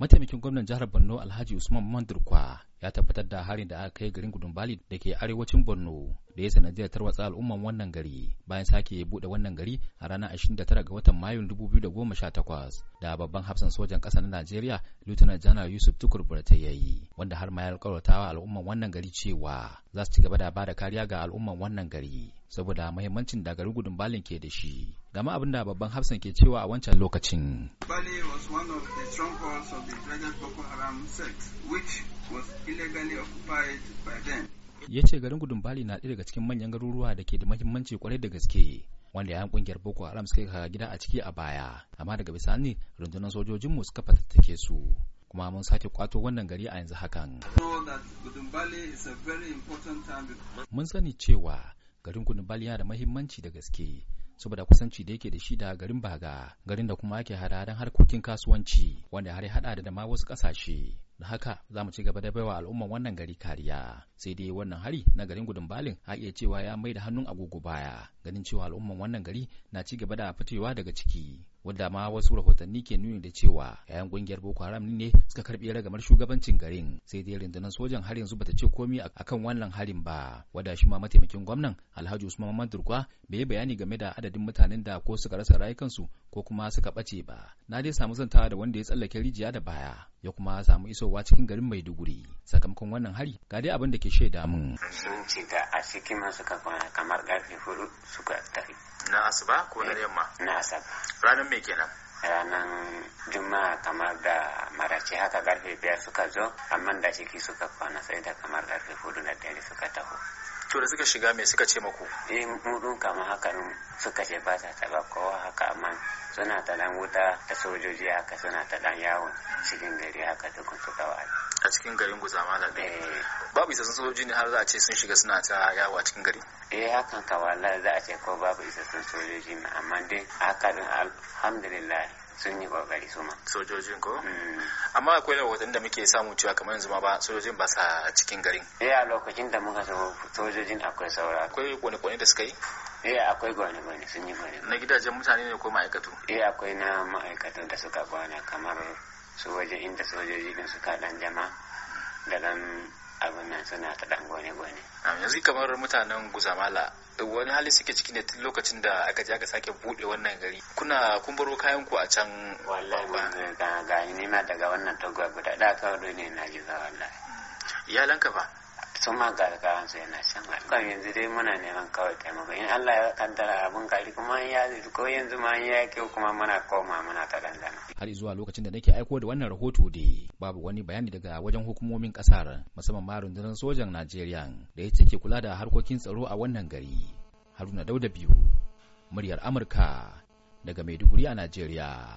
mataimakin gwamnan jihar borno alhaji usman mandurkwa ya tabbatar da harin da aka kai garin Gudumbali da ke arewacin Borno da ya sanadiyar tarwatsa al'umman wannan gari bayan sake bude wannan gari a ranar 29 ga watan mayu 2018 da babban hafsan sojan ƙasa na Najeriya Lieutenant janar Yusuf Tukur Burta ya yi wanda har ma ya wa al'umman wannan gari cewa za su ci gaba da ba da kariya ga al'umman wannan gari saboda mahimmancin da garin Gudumbalin ke da shi. Gama abin da babban hafsan ke cewa a wancan lokacin. Bali was one of the strongholds of the Dragon Boko Haram sect, which was Ya ce garin gudun Bali na ɗaya daga cikin manyan garuruwa da ke da mahimmanci kwarai da gaske. wanda yayan kungiyar Boko Haram suka kai gida a ciki a baya amma daga bisani rundunar sojojin mu suka fatattake su kuma mun sake kwato wannan gari a yanzu hakan mun sani cewa garin gudun bali yana da mahimmanci da gaske saboda kusanci da yake da shi da garin Baga garin da kuma ake hada don harkokin kasuwanci wanda har hada da ma wasu kasashe da haka za mu ci gaba da baiwa al'umman wannan gari kariya sai dai wannan hari na garin gudun balin a iya cewa ya mai da hannun agogo baya ganin cewa al'umman wannan gari na ci gaba da fitowa daga ciki wadda ma wasu rahotanni ke nuni da cewa yayan kungiyar boko haram ne suka karbi ragamar shugabancin garin sai dai rundunar sojan har yanzu bata ce komai akan wannan harin ba wadda shi ma mataimakin gwamnan alhaji usman mamman durkwa bai bayani game da adadin mutanen da ko suka rasa rayukansu ko kuma suka bace ba na dai samu zantawa da wanda ya tsallake rijiya da baya ya kuma samu iso fitowa cikin garin Maiduguri. Sakamakon wannan hari ga dai abin da ke shaida mun. Sun ce da a cikin suka kwana kamar ƙarfe hudu suka tafi. Na asuba ko na eh, yamma? Na asuba. Ranar me kenan? ranar juma'a kamar da marace haka karfe biyar suka zo amma da ciki suka kwana sai da kamar karfe hudu na dare suka taho to da suka shiga me suka ce maku eh mu dun kama haka nan suka ce ba ta taba kowa haka amma suna ta dan wuta da sojoji haka suna ta dan yawon cikin gari haka dukkan suka kawa a cikin garin guzama da eh. babu isassun sojoji ne har za a ce sun shiga suna ta yawo a cikin gari eh hakan kawala za a ce ko babu isassun sojoji amma dai haka alhamdulillah sun yi kokari su ma sojojin ko mm. amma akwai rahoton da muke samu cewa kamar yanzu ma ba sojojin ba sa cikin garin eh a lokacin da muka zo sojojin akwai saura akwai kone kone da suka yi eh akwai gwane gwane sun yi gwane na gidajen mutane ne ko ma'aikatu eh akwai na ma'aikatan da suka gwana kamar su waje inda sojoji din suka dan jama da dan abin nan suna ta dan gone gone yanzu kamar mutanen guzamala wani hali suke ciki ne tun lokacin da aka je aka sake bude wannan gari kuna kun baro kayan ku a can wallahi ga ga ni ma daga wannan tagwa guda da ka ne na ji wallahi iyalanka fa sun ma ga su yana shan alƙawan yanzu dai muna neman kawai taimako in Allah ya kaddara abin kari kuma ya ko yanzu ma ya kyau kuma muna koma muna ta dandana. Har zuwa lokacin da nake aiko da wannan rahoto da babu wani bayani daga wajen hukumomin kasar musamman ma rundunar sojan Najeriya da ya ke kula da harkokin tsaro a wannan gari. Haruna Dauda biyu muryar Amurka daga Maiduguri a Najeriya.